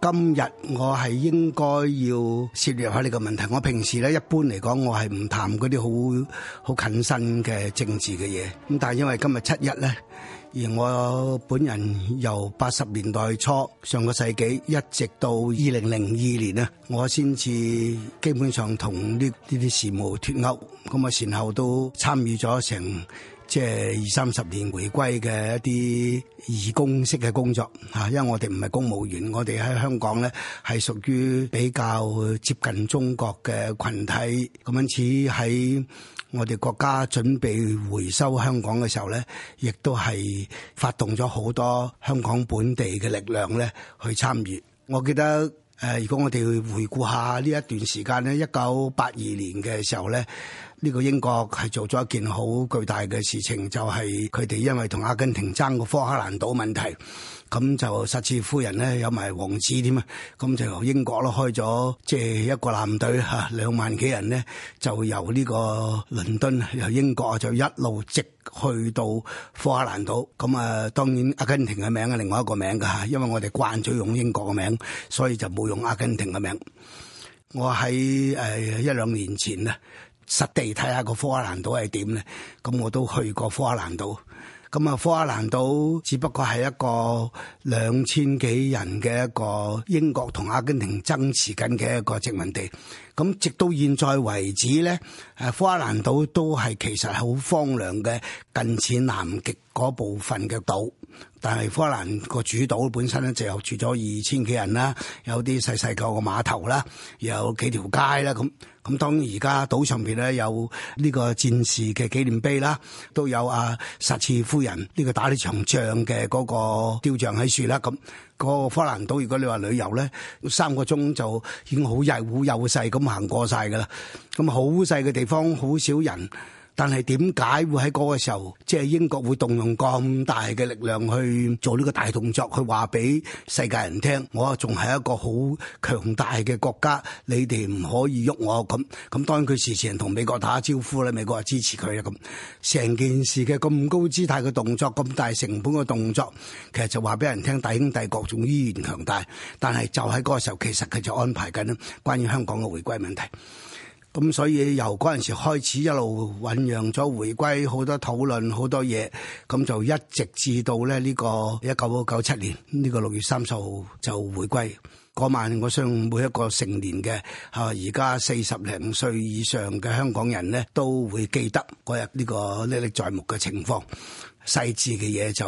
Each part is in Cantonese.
今日我係應該要涉略下呢個問題。我平時咧一般嚟講，我係唔談嗰啲好好近身嘅政治嘅嘢。咁但係因為今日七一咧，而我本人由八十年代初上個世紀一直到二零零二年啊，我先至基本上同呢呢啲事務脫鈎。咁啊，前後都參與咗成，即係二三十年回歸嘅一啲義工式嘅工作吓，因為我哋唔係公務員，我哋喺香港咧係屬於比較接近中國嘅群體，咁樣似喺我哋國家準備回收香港嘅時候咧，亦都係發動咗好多香港本地嘅力量咧去參與。我記得。誒，如果我哋去回顧下呢一段時間咧，一九八二年嘅時候咧，呢個英國係做咗一件好巨大嘅事情，就係佢哋因為同阿根廷爭個科克蘭島問題。咁就撒切夫人咧有埋王子添啊！咁就由英國咯開咗即係一個艦隊嚇，兩萬幾人呢，就由呢個倫敦由英國就一路直去到福克蘭島。咁啊，當然阿根廷嘅名係另外一個名㗎嚇，因為我哋慣咗用英國嘅名，所以就冇用阿根廷嘅名。我喺誒一兩年前咧，實地睇下個福克蘭島係點咧，咁我都去過福克蘭島。咁啊，福克蘭島只不過係一個兩千幾人嘅一個英國同阿根廷爭持緊嘅一個殖民地。咁直到現在為止咧，誒，福克蘭島都係其實係好荒涼嘅，近似南極嗰部分嘅島。但係科蘭個主島本身咧就住咗二千幾人啦，有啲細細個個碼頭啦，又有幾條街啦，咁咁當然而家島上邊咧有呢個戰士嘅紀念碑啦，都有啊，撒切爾夫人呢、呢個打呢場仗嘅嗰個雕像喺樹啦，咁、嗰個科蘭島如果你話旅遊咧，三個鐘就已經好曳好幼細咁行過晒噶啦，咁好細嘅地方，好少人。但係點解會喺嗰個時候，即係英國會動用咁大嘅力量去做呢個大動作，去話俾世界人聽，我仲係一個好強大嘅國家，你哋唔可以喐我咁。咁當然佢事前同美國打招呼咧，美國支持佢啦。咁成件事嘅咁高姿態嘅動作，咁大成本嘅動作，其實就話俾人聽，大英帝國仲依然強大。但係就喺嗰個時候，其實佢就安排緊關於香港嘅回歸問題。咁所以由嗰陣時開始一路醞釀咗，回歸好多討論好多嘢，咁就一直至到咧呢個一九九七年呢個六月三十號就回歸。嗰晚，我想每一個成年嘅吓，而家四十零歲以上嘅香港人咧都會記得嗰日呢個歷歷在目嘅情況，細緻嘅嘢就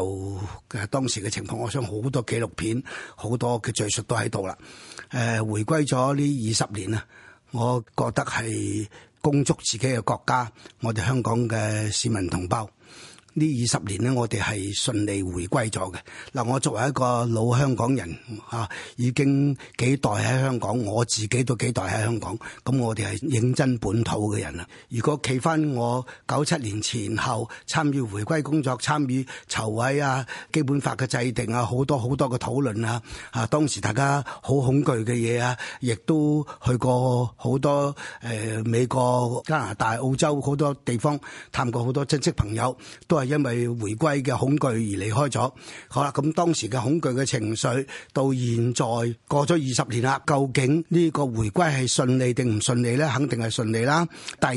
嘅當時嘅情況，我想好多紀錄片好多嘅敘述都喺度啦。誒、呃，回歸咗呢二十年啊！我覺得係供足自己嘅國家，我哋香港嘅市民同胞。呢二十年呢，我哋係順利回歸咗嘅。嗱，我作為一個老香港人啊，已經幾代喺香港，我自己都幾代喺香港。咁我哋係認真本土嘅人啊。如果企翻我九七年前後參與回歸工作、參與籌委啊、基本法嘅制定啊、好多好多嘅討論啊，啊當時大家好恐懼嘅嘢啊，亦都去過好多誒、呃、美國加拿大、澳洲好多地方探過好多親戚朋友都，因為回歸嘅恐懼而離開咗，好啦，咁當時嘅恐懼嘅情緒，到現在過咗二十年啦，究竟呢個回歸係順利定唔順利呢？肯定係順利啦。第二，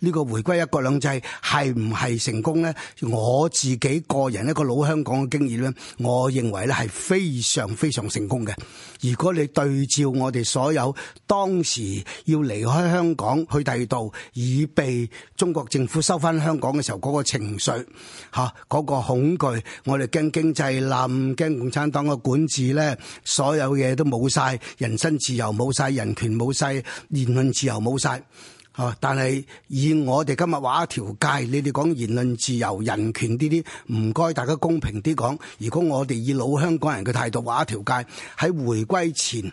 呢個回歸一國兩制係唔係成功呢？我自己個人一個老香港嘅經驗呢，我認為呢係非常非常成功嘅。如果你對照我哋所有當時要離開香港去第二度，以避中國政府收翻香港嘅時候嗰個情緒。吓，嗰、啊，那個恐懼，我哋驚經濟冧，驚共產黨嘅管治咧，所有嘢都冇晒，人身自由冇晒，人權冇晒，言論自由冇晒。吓、啊，但係以我哋今日話一條街，你哋講言論自由、人權啲啲，唔該大家公平啲講。如果我哋以老香港人嘅態度話一條街喺回歸前。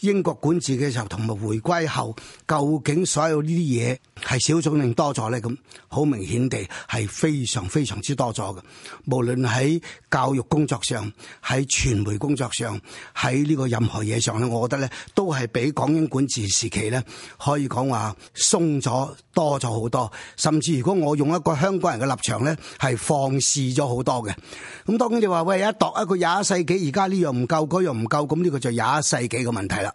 英國管治嘅時候，同埋回歸後，究竟所有呢啲嘢係少咗定多咗咧？咁好明顯地係非常非常之多咗嘅。無論喺教育工作上、喺傳媒工作上、喺呢個任何嘢上咧，我覺得咧都係比港英管治時期咧可以講話鬆咗多咗好多。甚至如果我用一個香港人嘅立場咧，係放肆咗好多嘅。咁當然你話喂，一度一個廿一世紀，而家呢樣唔夠，嗰樣唔夠，咁呢個就係廿一世紀嘅問題。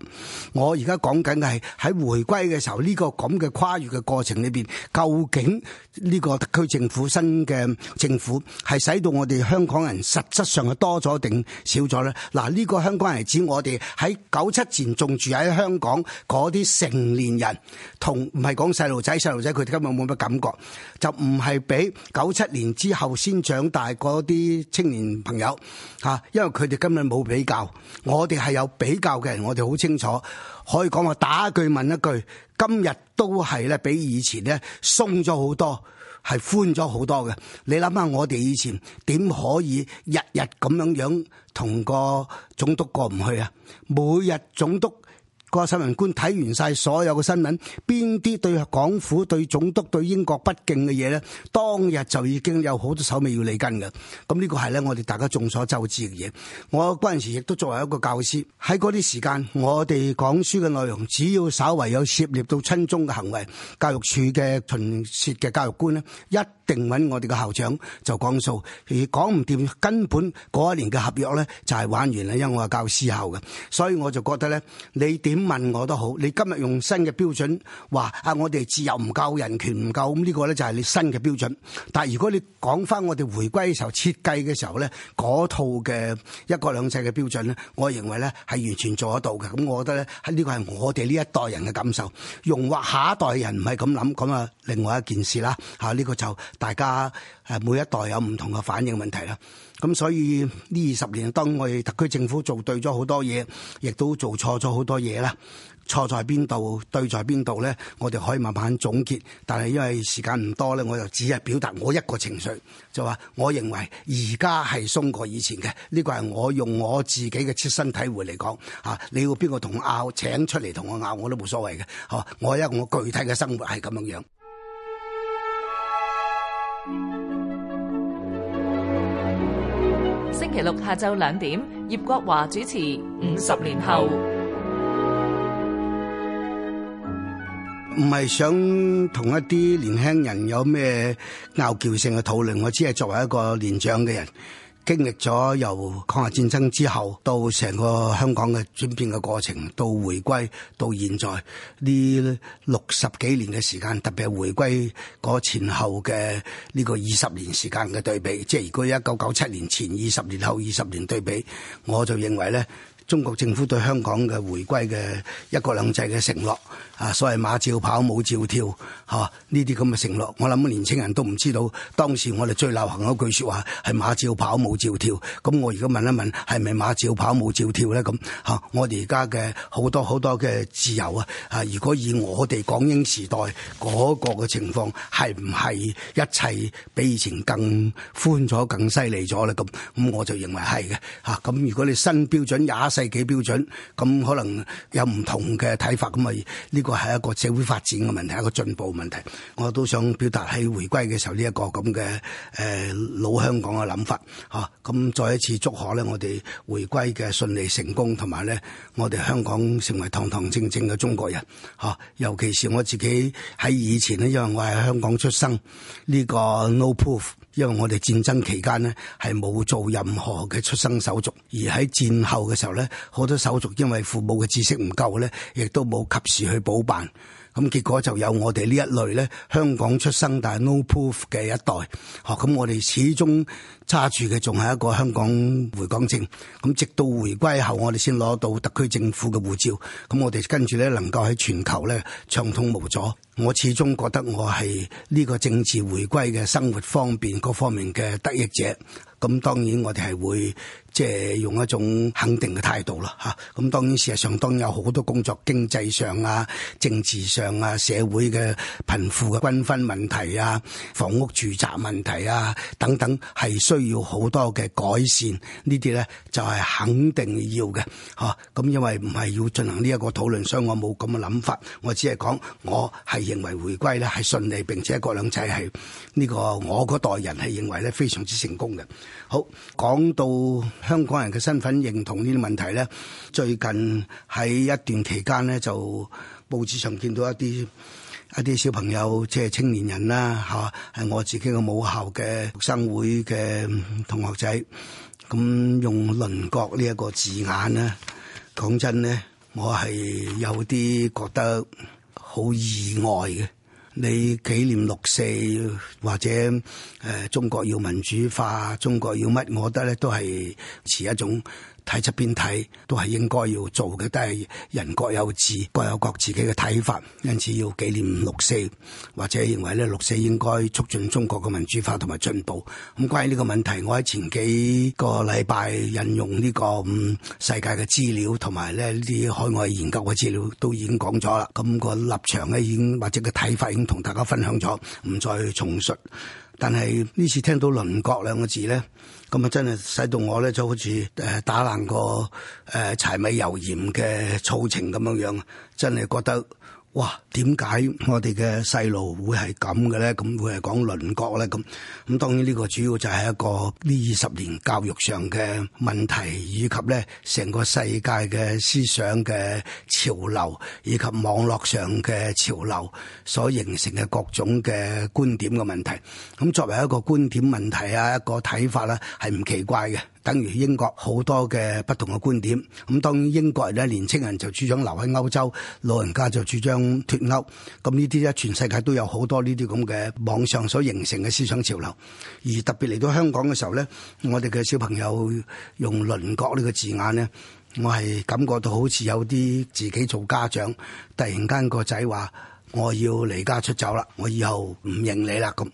我而家講緊嘅係喺回歸嘅時候呢，這個咁嘅跨越嘅過程裏邊，究竟呢個特區政府新嘅政府係使到我哋香港人實質上係多咗定少咗咧？嗱，呢，這個香港人係指我哋喺九七前仲住喺香港嗰啲成年人，同唔係講細路仔，細路仔佢哋根本冇乜感覺，就唔係比九七年之後先長大嗰啲青年朋友吓，啊，因為佢哋根本冇比較，我哋係有比較嘅人，我哋好。清楚可以講話，打一句問一句，今日都係咧比以前咧鬆咗好多，係寬咗好多嘅。你諗下我哋以前點可以日日咁樣樣同個總督過唔去啊？每日總督。個新聞官睇完晒所有嘅新聞，邊啲對港府、對總督、對英國不敬嘅嘢呢？當日就已經有好多手尾要你跟嘅。咁呢個係呢，我哋大家眾所周知嘅嘢。我嗰陣時亦都作為一個教師，喺嗰啲時間，我哋講書嘅內容，只要稍為有涉獵到親中嘅行為，教育處嘅巡涉嘅教育官呢，一定揾我哋嘅校長就講數，而講唔掂，根本嗰一年嘅合約呢，就係玩完啦，因為我係教私校嘅，所以我就覺得呢，你點？問我都好，你今日用新嘅標準話啊，我哋自由唔夠，人權唔夠，咁、嗯、呢、這個咧就係你新嘅標準。但係如果你講翻我哋回歸嘅時候設計嘅時候咧，嗰套嘅一國兩制嘅標準咧，我認為咧係完全做得到嘅。咁、嗯、我覺得咧喺呢個係我哋呢一代人嘅感受，容或下一代人唔係咁諗，咁啊另外一件事啦。吓、啊、呢、這個就大家誒、啊、每一代有唔同嘅反應問題啦。咁所以呢二十年，當我哋特區政府做對咗好多嘢，亦都做錯咗好多嘢啦。錯在邊度？對在邊度咧？我哋可以慢慢總結。但係因為時間唔多咧，我就只係表達我一個情緒，就話我認為而家係鬆過以前嘅。呢個係我用我自己嘅切身體會嚟講嚇。你要邊個同我拗？請出嚟同我拗，我都冇所謂嘅。嚇，我一個我具體嘅生活係咁樣樣。星期六下晝兩點，葉國華主持《五十年後》。唔係想同一啲年輕人有咩拗撬性嘅討論，我只係作為一個年長嘅人。經歷咗由抗日戰爭之後到成個香港嘅轉變嘅過程，到回歸到現在呢六十幾年嘅時間，特別係回歸個前後嘅呢個二十年時間嘅對比，即係如果一九九七年前二十年後二十年對比，我就認為咧。中國政府對香港嘅回歸嘅一國兩制嘅承諾，啊，所謂馬照跑，舞照跳，嚇呢啲咁嘅承諾，我諗年青人都唔知道。當時我哋最流行一句説話係馬照跑，舞照跳。咁我而家問一問，係咪馬照跑，舞照跳咧？咁嚇我哋而家嘅好多好多嘅自由啊！啊，如果以我哋港英時代嗰個嘅情況，係唔係一切比以前更寬咗、更犀利咗咧？咁咁我就認為係嘅嚇。咁如果你新標準也。係幾標準咁，可能有唔同嘅睇法，咁啊呢個係一個社會發展嘅問題，一個進步問題。我都想表達喺回歸嘅時候呢一個咁嘅誒老香港嘅諗法，吓、啊、咁再一次祝賀咧，我哋回歸嘅順利成功，同埋咧我哋香港成為堂堂正正嘅中國人，吓、啊。尤其是我自己喺以前咧，因為我係香港出生，呢、這個 no proof，因為我哋戰爭期間咧係冇做任何嘅出生手續，而喺戰後嘅時候咧。好多手續因為父母嘅知識唔夠咧，亦都冇及時去補辦，咁結果就有我哋呢一類咧，香港出生但係 no proof 嘅一代。哦，咁我哋始終揸住嘅仲係一個香港回港證，咁直到回歸後，我哋先攞到特區政府嘅護照，咁我哋跟住咧能夠喺全球咧暢通無阻。我始終覺得我係呢個政治回歸嘅生活方便各方面嘅得益者。咁當然我哋係會即係、就是、用一種肯定嘅態度啦，嚇、啊！咁當然事實上當然有好多工作、經濟上啊、政治上啊、社會嘅貧富嘅均分問題啊、房屋住宅問題啊等等，係需要好多嘅改善。呢啲咧就係、是、肯定要嘅，嚇、啊！咁因為唔係要進行呢一個討論，所以我冇咁嘅諗法。我只係講我係認為回歸咧係順利，並且一國兩制係呢個我嗰代人係認為咧非常之成功嘅。好，講到香港人嘅身份認同呢啲問題咧，最近喺一段期間咧，就報紙上見到一啲一啲小朋友，即係青年人啦，吓係我自己嘅母校嘅學生會嘅同學仔，咁用鄰國呢一個字眼咧，講真咧，我係有啲覺得好意外嘅。你紀念六四，或者誒、呃、中國要民主化，中國要乜，我覺得咧都係持一種。喺側邊睇都係應該要做嘅，都係人各有志，各有各自己嘅睇法，因此要紀念六四，或者認為咧六四應該促進中國嘅民主化同埋進步。咁、嗯、關於呢個問題，我喺前幾個禮拜引用呢、呢個、嗯、世界嘅資料，同埋咧呢啲海外研究嘅資料，都已經講咗啦。咁、嗯、那個立場咧，已經或者嘅睇法已經同大家分享咗，唔再重述，但係呢次聽到鄰國兩個字咧。咁啊，真係使到我咧就好似誒打爛個誒柴米油鹽嘅醋情咁樣樣，真係覺得。哇！點解我哋嘅細路會係咁嘅咧？咁會係講鄰國咧？咁咁當然呢個主要就係一個呢二十年教育上嘅問題，以及咧成個世界嘅思想嘅潮流，以及網絡上嘅潮流所形成嘅各種嘅觀點嘅問題。咁作為一個觀點問題啊，一個睇法咧，係唔奇怪嘅。等於英國好多嘅不同嘅觀點，咁當英國人咧，年青人就主張留喺歐洲，老人家就主張脱歐。咁呢啲咧，全世界都有好多呢啲咁嘅網上所形成嘅思想潮流。而特別嚟到香港嘅時候咧，我哋嘅小朋友用鄰國呢個字眼咧，我係感覺到好似有啲自己做家長，突然間個仔話：我要離家出走啦，我以後唔認你啦咁。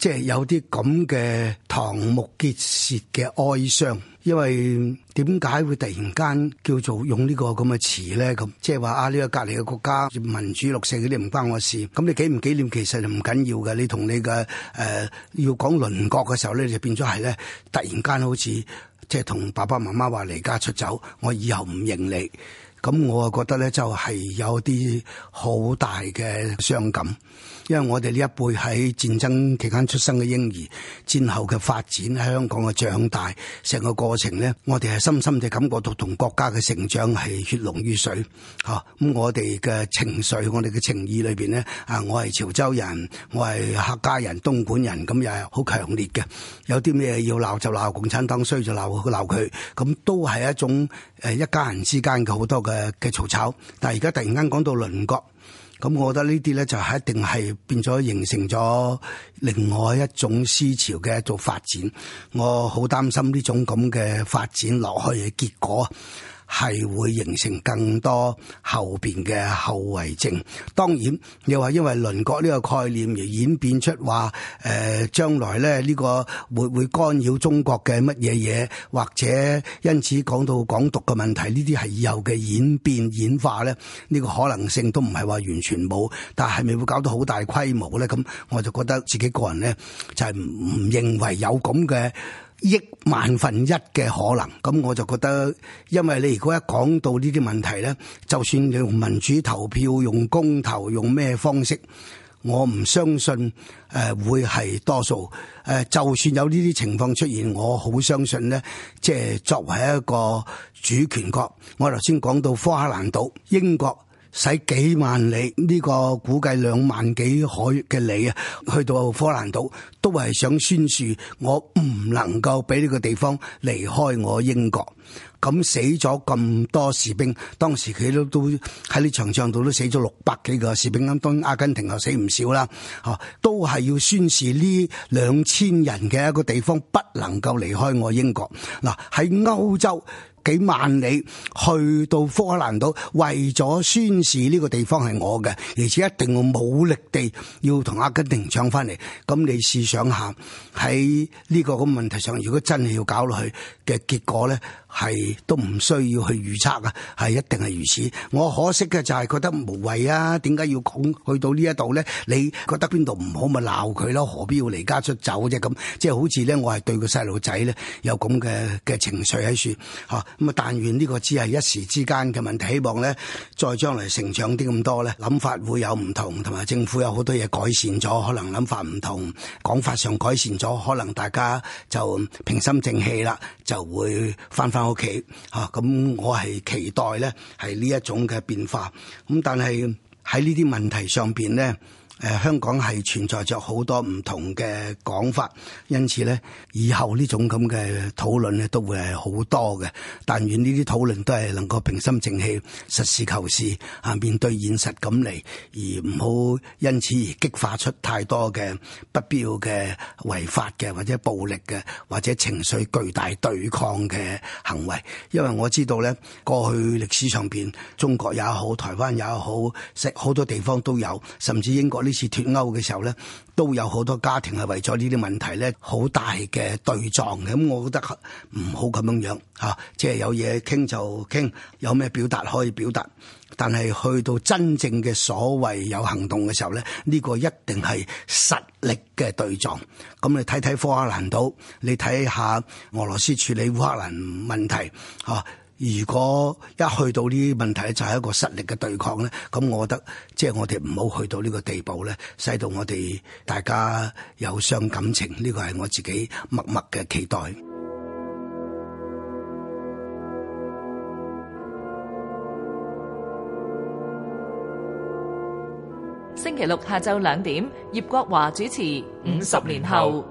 即係有啲咁嘅瞠目結舌嘅哀傷，因為點解會突然間叫做用呢個呢呢個咁嘅詞咧？咁即係話啊，呢、呢個隔離嘅國家民主六四嗰啲唔關我事，咁你紀唔紀念其實就唔緊要嘅。你同你嘅誒、呃、要講鄰國嘅時候咧，你就變咗係咧，突然間好似即係同爸爸媽媽話離家出走，我以後唔認你。咁我覺得咧就係、是、有啲好大嘅傷感。因為我哋呢一輩喺戰爭期間出生嘅嬰兒，戰後嘅發展，香港嘅長大成個過程咧，我哋係深深嘅感覺到同國家嘅成長係血濃於水嚇。咁、啊、我哋嘅情緒，我哋嘅情意裏邊咧，啊，我係潮州人，我係客家人、東莞人，咁又係好強烈嘅。有啲咩要鬧就鬧共產黨，衰就鬧鬧佢，咁都係一種誒一家人之間嘅好多嘅嘅嘈吵。但係而家突然間講到鄰國。咁，我覺得呢啲咧就係一定係變咗形成咗另外一種思潮嘅一種發展，我好擔心呢種咁嘅發展落去嘅結果。係會形成更多後邊嘅後遺症，當然又話因為鄰國呢個概念而演變出話，誒、呃、將來咧呢、這個會會干擾中國嘅乜嘢嘢，或者因此講到港獨嘅問題，呢啲係以後嘅演變演化咧，呢、這個可能性都唔係話完全冇，但係咪會搞到好大規模咧？咁我就覺得自己個人咧就係、唔、唔認為有咁嘅。億萬分一嘅可能，咁我就覺得，因為你如果一講到呢啲問題呢，就算你用民主投票、用公投、用咩方式，我唔相信誒會係多數。誒，就算有呢啲情況出現，我好相信呢，即係作為一個主權國，我頭先講到科克蘭島、英國。使幾萬里呢個估計兩萬幾海嘅里啊，去到科蘭島都係想宣示，我唔能夠俾呢個地方離開我英國。咁死咗咁多士兵，當時佢都都喺呢場仗度都死咗六百幾個士兵，咁當然阿根廷又死唔少啦。吓、啊，都係要宣示呢兩千人嘅一個地方不能夠離開我英國。嗱、啊，喺歐洲。幾萬里去到福克蘭島，為咗宣示呢個地方係我嘅，而且一定我武力地要同阿根廷搶翻嚟。咁你試想下喺呢個咁問題上，如果真係要搞落去嘅結果咧？係都唔需要去預測啊！係一定係如此。我可惜嘅就係覺得無謂啊！點解要講去到呢一度咧？你覺得邊度唔好咪鬧佢咯？何必要離家出走啫？咁即係好似咧，我係對個細路仔咧有咁嘅嘅情緒喺處吓咁啊，但願呢個只係一時之間嘅問題，希望咧，再將來成長啲咁多咧，諗法會有唔同，同埋政府有好多嘢改善咗，可能諗法唔同，講法上改善咗，可能大家就平心靜氣啦，就會翻返。屋企吓，咁、okay。啊、我係期待咧，係呢一種嘅變化。咁但係喺呢啲問題上邊咧。誒香港係存在着好多唔同嘅講法，因此咧，以後呢種咁嘅討論咧都會係好多嘅。但願呢啲討論都係能夠平心靜氣，實事求是啊，面對現實咁嚟，而唔好因此而激化出太多嘅不必要嘅違法嘅或者暴力嘅或者情緒巨大對抗嘅行為，因為我知道咧，過去歷史上邊中國也好、台灣也好、食好多地方都有，甚至英國呢。呢次脫歐嘅時候咧，都有好多家庭係為咗呢啲問題咧，好大嘅對撞嘅。咁我覺得唔好咁樣樣吓、啊，即係有嘢傾就傾，有咩表達可以表達。但係去到真正嘅所謂有行動嘅時候咧，呢、呢個一定係實力嘅對撞。咁、啊、你睇睇福克蘭島，你睇下俄羅斯處理烏克蘭問題吓。啊如果一去到呢啲問題就係一個實力嘅對抗咧，咁我覺得即係我哋唔好去到呢個地步咧，使到我哋大家有傷感情。呢個係我自己默默嘅期待。星期六下晝兩點，葉國華主持《五十年後》。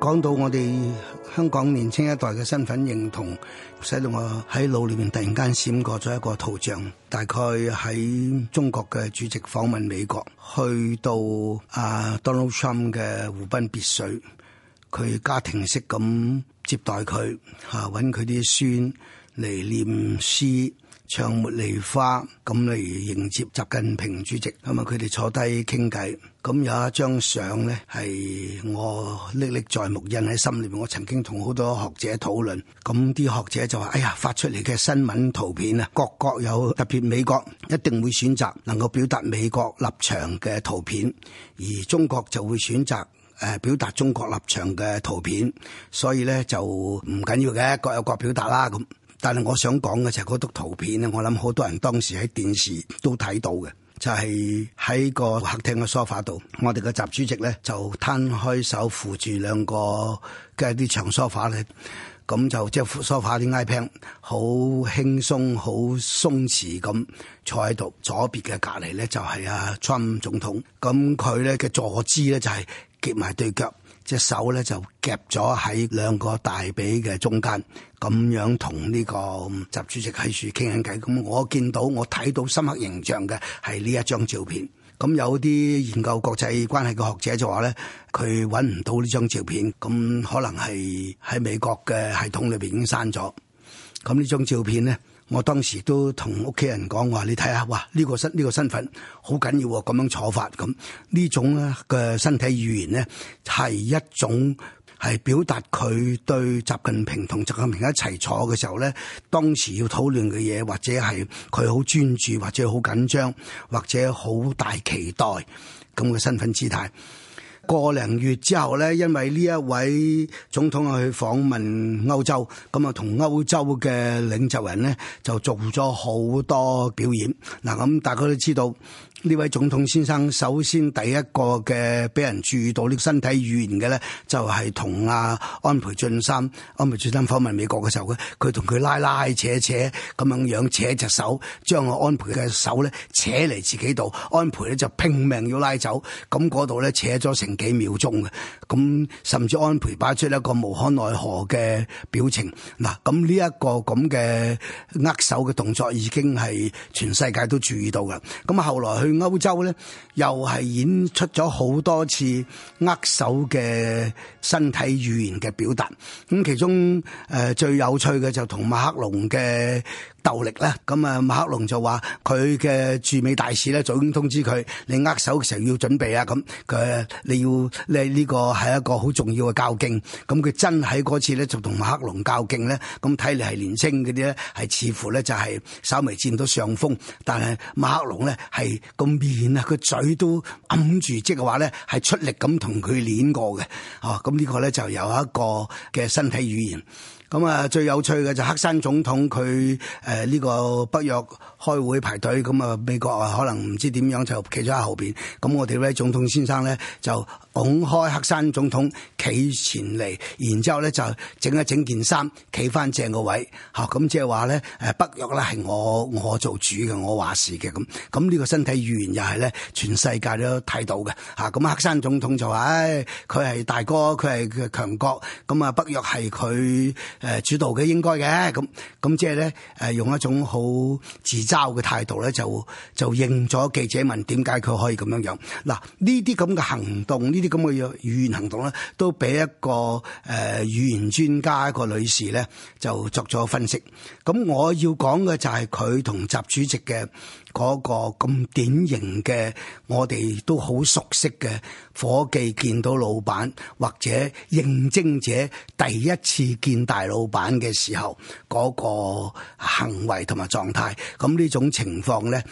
講到我哋香港年青一代嘅身份認同，使到我喺腦裏面突然間閃過咗一個圖像，大概喺中國嘅主席訪問美國，去到啊 Donald Trump 嘅湖濱別墅，佢家庭式咁接待佢，吓搵佢啲孫。嚟念詩唱《茉莉花》，咁嚟迎接習近平主席。咁啊，佢哋坐低傾偈。咁有一張相咧，係我歷歷在目印，印喺心裏面。我曾經同好多學者討論。咁啲學者就話：哎呀，發出嚟嘅新聞圖片啊，各國有特別美國一定會選擇能夠表達美國立場嘅圖片，而中國就會選擇誒表達中國立場嘅圖片。所以咧，就唔緊要嘅，各有各表達啦。咁。但係我想講嘅就係嗰幅圖片咧，我諗好多人當時喺電視都睇到嘅，就係、是、喺個客廳嘅梳化度，我哋嘅習主席咧就攤開手扶住兩個嘅啲長梳化咧，咁就即係扶梳化啲 iPad 好輕鬆好鬆弛咁坐喺度，左邊嘅隔離咧就係阿 Trump 總統，咁佢咧嘅坐姿咧就係結埋對腳。隻手咧就夾咗喺兩個大髀嘅中間，咁樣同呢個習主席喺處傾緊偈。咁我見到我睇到深刻形象嘅係呢一張照片。咁有啲研究國際關係嘅學者就話咧，佢揾唔到呢張照片，咁可能係喺美國嘅系統裏邊已經刪咗。咁呢張照片咧。我當時都同屋企人講，我話你睇下，哇！呢個身呢個身份好緊要，咁樣坐法咁，呢種咧嘅身體語言咧，係一種，係表達佢對習近平同習近平一齊坐嘅時候咧，當時要討論嘅嘢，或者係佢好專注，或者好緊張，或者好大期待咁嘅身份姿態。個零月之後咧，因為呢一位總統去訪問歐洲，咁啊同歐洲嘅領袖人呢，就做咗好多表演。嗱咁，大家都知道。呢位總統先生首先第一個嘅俾人注意到呢個身體語言嘅咧，就係同阿安倍晉三、安倍晉三訪問美國嘅時候，佢佢同佢拉拉扯扯咁樣樣扯隻手，將我安倍嘅手咧扯嚟自己度，安倍咧就拼命要拉走，咁嗰度咧扯咗成幾秒鐘嘅，咁甚至安倍擺出一個無可奈何嘅表情。嗱，咁呢一個咁嘅握手嘅動作已經係全世界都注意到嘅。咁後來佢。歐洲咧，又係演出咗好多次握手嘅身體語言嘅表達，咁其中誒最有趣嘅就同馬克龍嘅。鬥力啦，咁啊、嗯，馬克龍就話佢嘅駐美大使咧，早已經通知佢，你握手嘅時候要準備啊，咁佢你要，你呢、這個係一個好重要嘅較勁，咁、嗯、佢真喺嗰次咧就同馬克龍較勁咧，咁睇嚟係年輕嗰啲咧，係似乎咧就係稍微占到上風，但係馬克龍咧係個面啊，個嘴都揞住，即係話咧係出力咁同佢碾過嘅，哦，咁、嗯這個、呢個咧就有一個嘅身體語言。咁啊，最有趣嘅就黑山總統，佢誒呢個北約。開會排隊咁啊，美國啊可能唔知點樣就企咗喺後邊。咁我哋咧總統先生咧就拱開黑山總統企前嚟，然之後咧就整一整件衫，企翻正個位。吓，咁即係話咧，誒北約咧係我我做主嘅，我話事嘅咁。咁呢個身體語言又係咧，全世界都睇到嘅。吓，咁黑山總統就話，誒佢係大哥，佢係佢嘅強國，咁啊北約係佢誒主導嘅，應該嘅。咁咁即係咧，誒用一種好自責交嘅態度咧，就就應咗記者問點解佢可以咁樣樣嗱，呢啲咁嘅行動，呢啲咁嘅語言行動咧，都俾一個誒語言專家一個女士咧就作咗分析。咁我要講嘅就係佢同習主席嘅。嗰個咁典型嘅，我哋都好熟悉嘅伙計，見到老闆或者應徵者第一次見大老闆嘅時候，嗰個行為同埋狀態，咁呢種情況咧，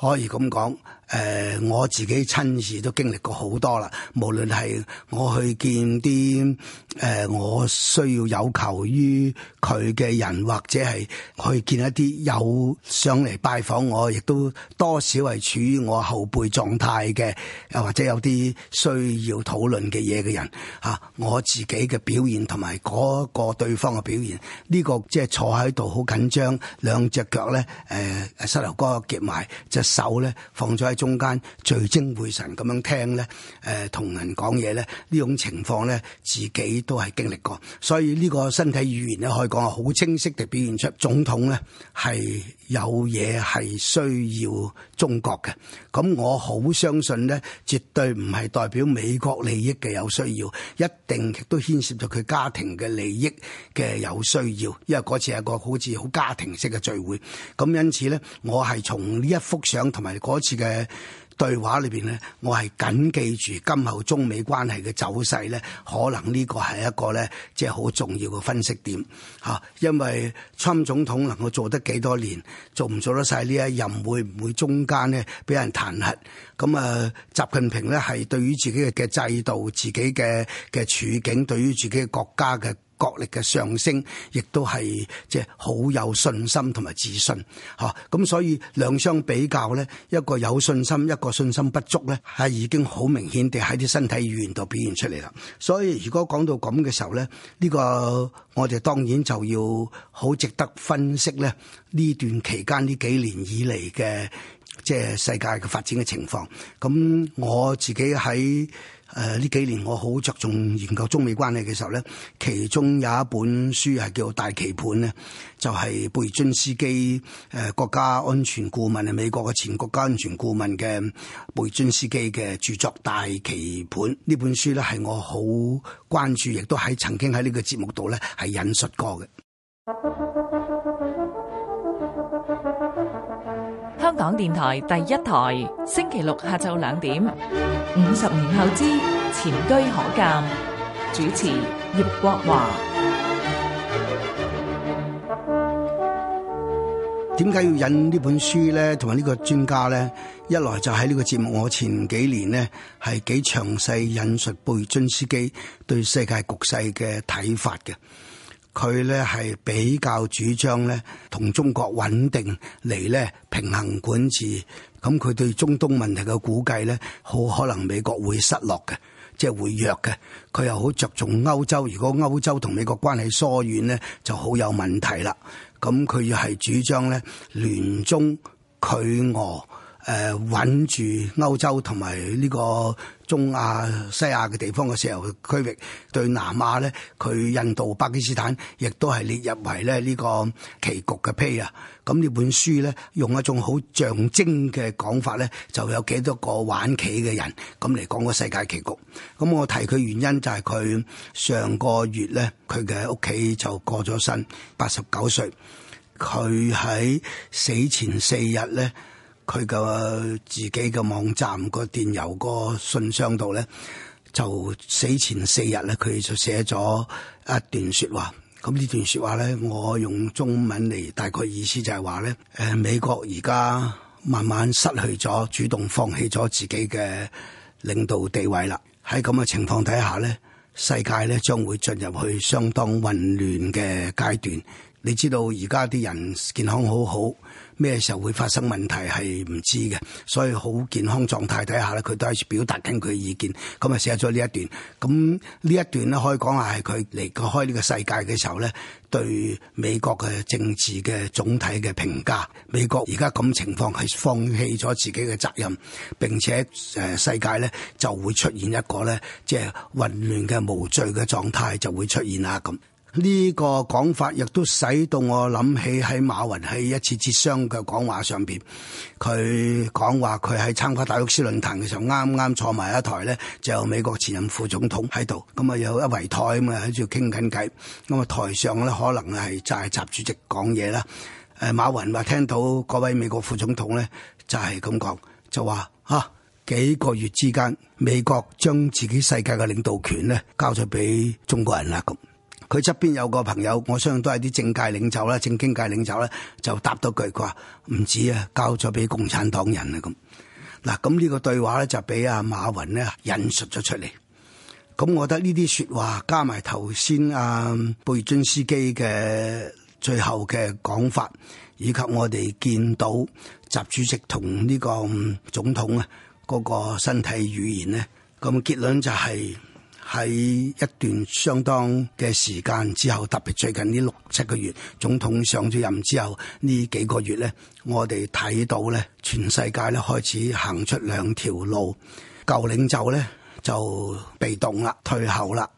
可以咁講。誒、呃，我自己親自都經歷過好多啦。無論係我去見啲誒、呃、我需要有求於佢嘅人，或者係去見一啲有上嚟拜訪我，亦都多少係處於我後輩狀態嘅，又或者有啲需要討論嘅嘢嘅人吓、啊、我自己嘅表現同埋個對方嘅表現呢、呢個即係坐喺度好緊張，兩隻腳咧誒，、呃，膝頭哥夾埋隻手咧放咗。中間聚精會神咁樣聽咧，誒、呃、同人講嘢咧，呢種情況咧自己都係經歷過，所以呢個身體語言咧可以講係好清晰地表現出總統咧係有嘢係需要中國嘅，咁我好相信咧絕對唔係代表美國利益嘅有需要，一定亦都牽涉到佢家庭嘅利益嘅有需要，因為嗰次係個好似好家庭式嘅聚會，咁因此咧我係從呢一幅相同埋嗰次嘅。對話裏邊咧，我係謹記住今後中美關係嘅走勢咧，可能呢個係一個咧，即係好重要嘅分析點吓、啊，因為川總統能夠做得幾多年，做唔做得晒呢一任，會唔會中間咧俾人彈劾？咁、嗯、啊，習近平咧係對於自己嘅嘅制度、自己嘅嘅處境、對於自己嘅國家嘅。國力嘅上升，亦都係即係好有信心同埋自信，吓咁所以兩相比較咧，一個有信心，一個信心不足咧，係已經好明顯地喺啲身體語言度表現出嚟啦。所以如果講到咁嘅時候咧，呢、呢個我哋當然就要好值得分析咧呢段期間呢幾年以嚟嘅即係世界嘅發展嘅情況。咁我自己喺。誒，呢、呃、幾年我好着重研究中美關係嘅時候咧，其中有一本書係叫《大棋盤》咧，就係、是、貝津斯基誒、呃、國家安全顧問啊，美國嘅前國家安全顧問嘅貝津斯基嘅著作《大棋盤》呢本書咧，係我好關注，亦都喺曾經喺呢個節目度咧係引述過嘅。香港電台第一台，星期六下晝兩點。五十年後之前車可鑑，主持葉國華。點解要引呢本書咧？同埋呢個專家咧？一來就喺呢個節目，我前幾年咧係幾詳細引述貝津斯基對世界局勢嘅睇法嘅。佢咧係比較主張咧，同中國穩定嚟咧平衡管治。咁佢對中東問題嘅估計咧，好可能美國會失落嘅，即係會弱嘅。佢又好着重歐洲，如果歐洲同美國關係疏遠咧，就好有問題啦。咁佢又係主張咧聯中拒俄。誒、呃、穩住歐洲同埋呢個中亞、西亞嘅地方嘅石油區域，對南亞咧，佢印度、巴基斯坦亦都係列入為咧呢個棋局嘅胚啊！咁呢本書咧，用一種好象徵嘅講法咧，就有幾多個玩棋嘅人咁嚟講個世界棋局。咁、啊、我提佢原因就係佢上個月咧，佢嘅屋企就過咗身，八十九歲。佢喺死前四日咧。佢個自己嘅網站個電郵個信箱度咧，就死前四日咧，佢就寫咗一段説話。咁呢段説話咧，我用中文嚟大概意思就係話咧，誒，美國而家慢慢失去咗，主動放棄咗自己嘅領導地位啦。喺咁嘅情況底下咧，世界咧將會進入去相當混亂嘅階段。你知道而家啲人健康好好，咩時候會發生問題，係唔知嘅。所以好健康狀態底下咧，佢都喺度表達緊佢意見，咁啊寫咗呢一段。咁呢一段咧可以講話，係佢離開呢個世界嘅時候咧，對美國嘅政治嘅總體嘅評價。美國而家咁情況，係放棄咗自己嘅責任，並且誒世界咧就會出現一個咧即係混亂嘅無序嘅狀態就會出現啦咁。呢個講法亦都使到我諗起喺馬雲喺一次浙商嘅講話上邊，佢講話佢喺參加達沃斯論壇嘅時候，啱啱坐埋一台咧，就有美國前任副總統喺度，咁啊有一圍台咁啊喺度傾緊偈。咁啊台上咧可能係就係習主席講嘢啦。誒，馬雲話聽到嗰位美國副總統咧就係咁講，就話吓、啊、幾個月之間，美國將自己世界嘅領導權咧交咗俾中國人啦咁。佢側邊有個朋友，我相信都係啲政界領袖啦、政經界領袖咧，就答到句，佢話唔止啊，交咗俾共產黨人啦咁。嗱，咁呢個對話咧就俾阿馬雲咧引述咗出嚟。咁，我覺得呢啲説話加埋頭先阿貝津斯基嘅最後嘅講法，以及我哋見到習主席同呢個總統啊嗰個身體語言咧，咁結論就係。喺一段相當嘅時間之後，特別最近呢六七個月，總統上咗任之後呢幾個月咧，我哋睇到咧，全世界咧開始行出兩條路，舊領袖咧就被動啦、退後啦，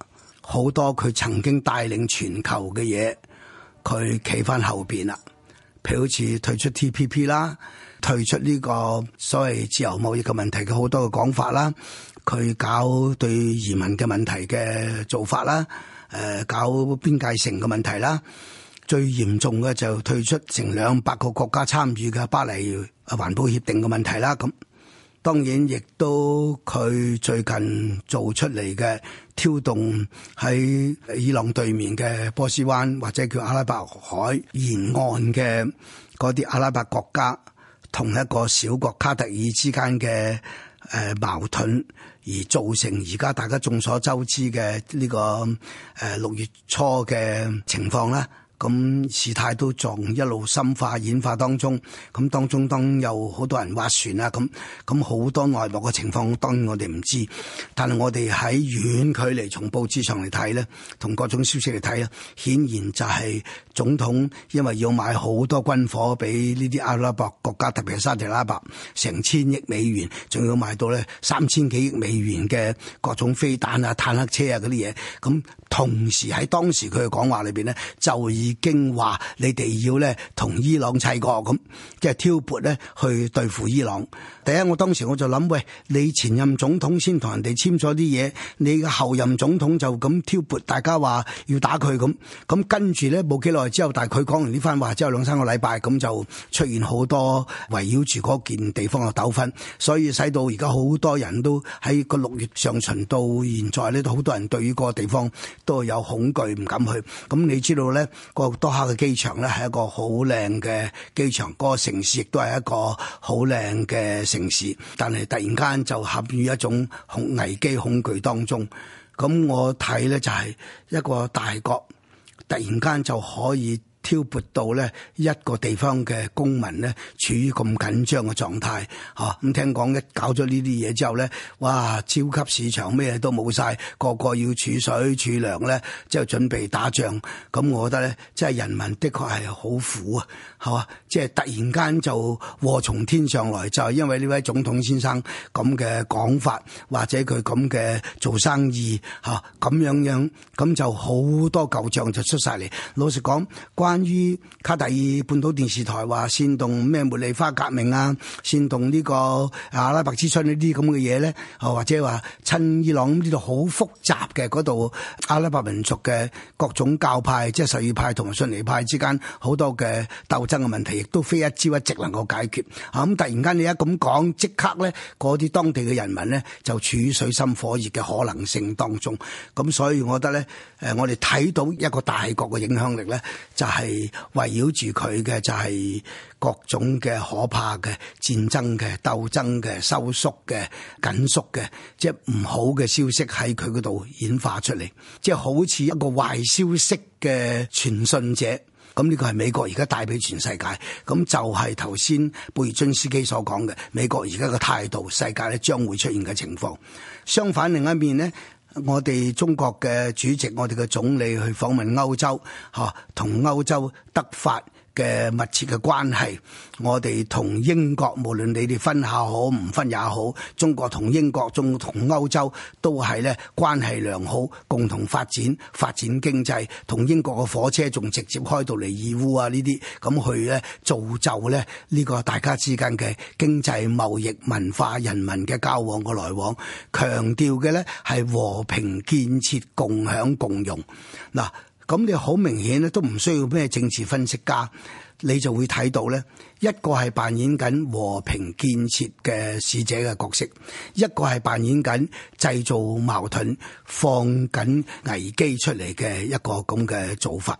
好多佢曾經帶領全球嘅嘢，佢企返後面啦，譬如好似退出 TPP 啦，退出呢個所謂自由貿易嘅問題嘅好多嘅講法啦。佢搞對移民嘅問題嘅做法啦，誒搞邊界城嘅問題啦，最嚴重嘅就退出成兩百個國家參與嘅巴黎啊環保協定嘅問題啦。咁當然亦都佢最近做出嚟嘅挑動喺伊朗對面嘅波斯灣，或者叫阿拉伯海沿岸嘅嗰啲阿拉伯國家同一個小國卡特爾之間嘅誒矛盾，而造成而家大家眾所周知嘅呢個誒六月初嘅情況啦。咁事態都仲一路深化演化當中，咁當中當然有好多人挖船啦，咁咁好多內幕嘅情況，當然我哋唔知，但係我哋喺遠距離從報紙上嚟睇咧，同各種消息嚟睇啊，顯然就係總統因為要買好多軍火俾呢啲阿拉伯國家，特別係沙特阿拉伯，成千億美元，仲要買到咧三千幾億美元嘅各種飛彈啊、坦克車啊嗰啲嘢，咁。同時喺當時佢嘅講話裏邊呢，就已經話你哋要咧同伊朗砌角咁，即係挑撥咧去對付伊朗。第一，我當時我就諗，喂，你前任總統先同人哋簽咗啲嘢，你個後任總統就咁挑撥大家話要打佢咁。咁跟住咧冇幾耐之後，但係佢講完呢番話之後兩三個禮拜咁就出現好多圍繞住嗰件地方嘅糾紛，所以使到而家好多人都喺個六月上旬到現在呢，都好多人對於個地方。都有恐懼，唔敢去。咁你知道咧，個多克嘅機場咧係一個好靚嘅機場，個城市亦都係一個好靚嘅城市。但係突然間就陷於一種恐危機恐懼當中。咁我睇咧就係、是、一個大國，突然間就可以。挑撥到咧一個地方嘅公民咧，處於咁緊張嘅狀態吓，咁聽講一搞咗呢啲嘢之後咧，哇！超級市場咩都冇晒個個要儲水儲糧咧，即係準備打仗。咁我覺得咧，即係人民的確係好苦啊，係嘛？即係突然間就禍從天上來就係因為呢位總統先生咁嘅講法，或者佢咁嘅做生意吓，咁樣樣咁就好多舊賬就出晒嚟，老實講。關。關於卡塔爾半島電視台話煽動咩茉莉花革命啊，煽動呢個阿拉伯之春呢啲咁嘅嘢咧，或者話親伊朗呢度好複雜嘅嗰度阿拉伯民族嘅各種教派，即係什葉派同埋遜尼派之間好多嘅鬥爭嘅問題，亦都非一朝一夕能夠解決。咁、啊、突然間你一咁講，即刻咧嗰啲當地嘅人民咧就處於水深火熱嘅可能性當中。咁所以，我覺得咧，誒我哋睇到一個大國嘅影響力咧，就係、是。係圍繞住佢嘅就係各種嘅可怕嘅戰爭嘅鬥爭嘅收縮嘅緊縮嘅，即係唔好嘅消息喺佢嗰度演化出嚟，即係好似一個壞消息嘅傳信者。咁、這、呢個係美國而家帶俾全世界。咁就係頭先貝津斯基所講嘅美國而家嘅態度，世界咧將會出現嘅情況。相反另一面呢。我哋中國嘅主席，我哋嘅總理去訪問歐洲，吓同歐洲德法嘅密切嘅關係，我哋同英國無論你哋分下好唔分也好，中國同英國仲同歐洲都係咧關係良好，共同發展發展經濟，同英國嘅火車仲直接開到嚟義烏啊呢啲，咁去咧造就咧呢個大家之間嘅經濟貿易、文化、人民嘅交往嘅來往，強調嘅咧係和平建設、共享共融嗱。咁你好明顯咧，都唔需要咩政治分析家，你就會睇到咧，一個係扮演緊和平建設嘅使者嘅角色，一個係扮演緊製造矛盾、放緊危機出嚟嘅一個咁嘅做法。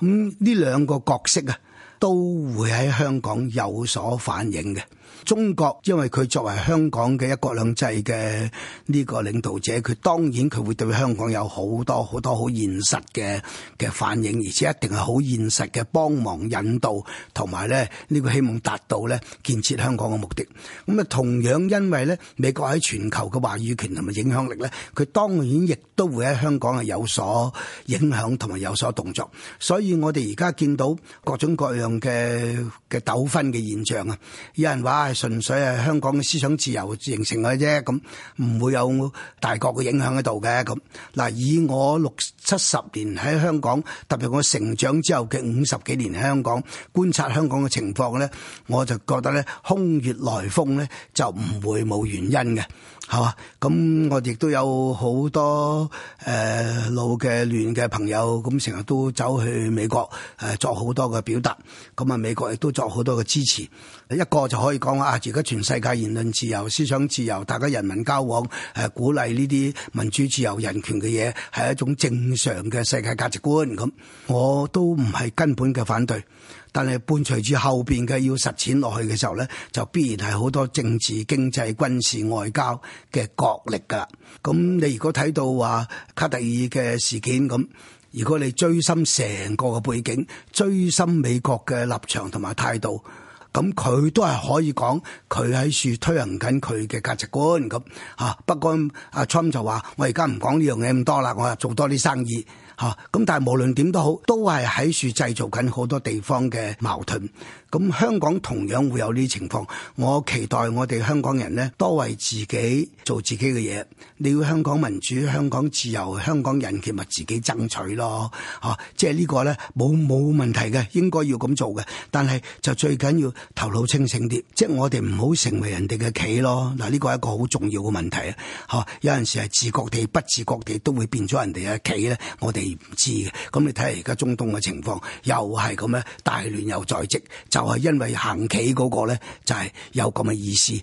咁呢兩個角色啊，都會喺香港有所反映嘅。中國因為佢作為香港嘅一國兩制嘅呢個領導者，佢當然佢會對香港有好多好多好現實嘅嘅反應，而且一定係好現實嘅幫忙引導，同埋咧呢個希望達到咧建設香港嘅目的。咁啊，同樣因為咧美國喺全球嘅話語權同埋影響力咧，佢當然亦都會喺香港係有所影響同埋有所動作。所以我哋而家見到各種各樣嘅嘅糾紛嘅現象啊，有人話。係純粹係香港嘅思想自由形成嘅啫，咁唔會有大國嘅影響喺度嘅。咁嗱，以我六七十年喺香港，特別我成長之後嘅五十幾年喺香港觀察香港嘅情況呢，我就覺得呢，空穴來風呢就唔會冇原因嘅。係嘛？咁、啊、我亦都有好多誒老嘅亂嘅朋友，咁成日都走去美國誒、呃、作好多嘅表達，咁啊美國亦都作好多嘅支持。一個就可以講啊，而家全世界言論自由、思想自由，大家人民交往誒、呃、鼓勵呢啲民主自由、人權嘅嘢係一種正常嘅世界價值觀。咁我都唔係根本嘅反對。但係伴隨住後邊嘅要實踐落去嘅時候咧，就必然係好多政治、經濟、軍事、外交嘅角力噶。咁、嗯、你如果睇到話卡特爾嘅事件咁，如果你追深成個嘅背景，追深美國嘅立場同埋態度，咁佢都係可以講佢喺度推行緊佢嘅價值觀咁。嚇，不過阿 Trump 就話：我而家唔講呢樣嘢咁多啦，我啊做多啲生意。嚇！咁但係無論點都好，都係喺處製造緊好多地方嘅矛盾。咁香港同樣會有呢啲情況，我期待我哋香港人咧多為自己做自己嘅嘢。你要香港民主、香港自由、香港人權，咪自己爭取咯，吓、啊，即係呢個咧冇冇問題嘅，應該要咁做嘅。但係就最緊要頭腦清醒啲，即係我哋唔好成為人哋嘅棋咯。嗱、啊，呢個係一個好重要嘅問題啊！吓、啊、有陣時係自覺地、不自覺地都會變咗人哋嘅棋咧，我哋唔知嘅。咁、啊、你睇下而家中東嘅情況又係咁樣大亂又在即。就係因為行棋嗰個咧，就係有咁嘅意思。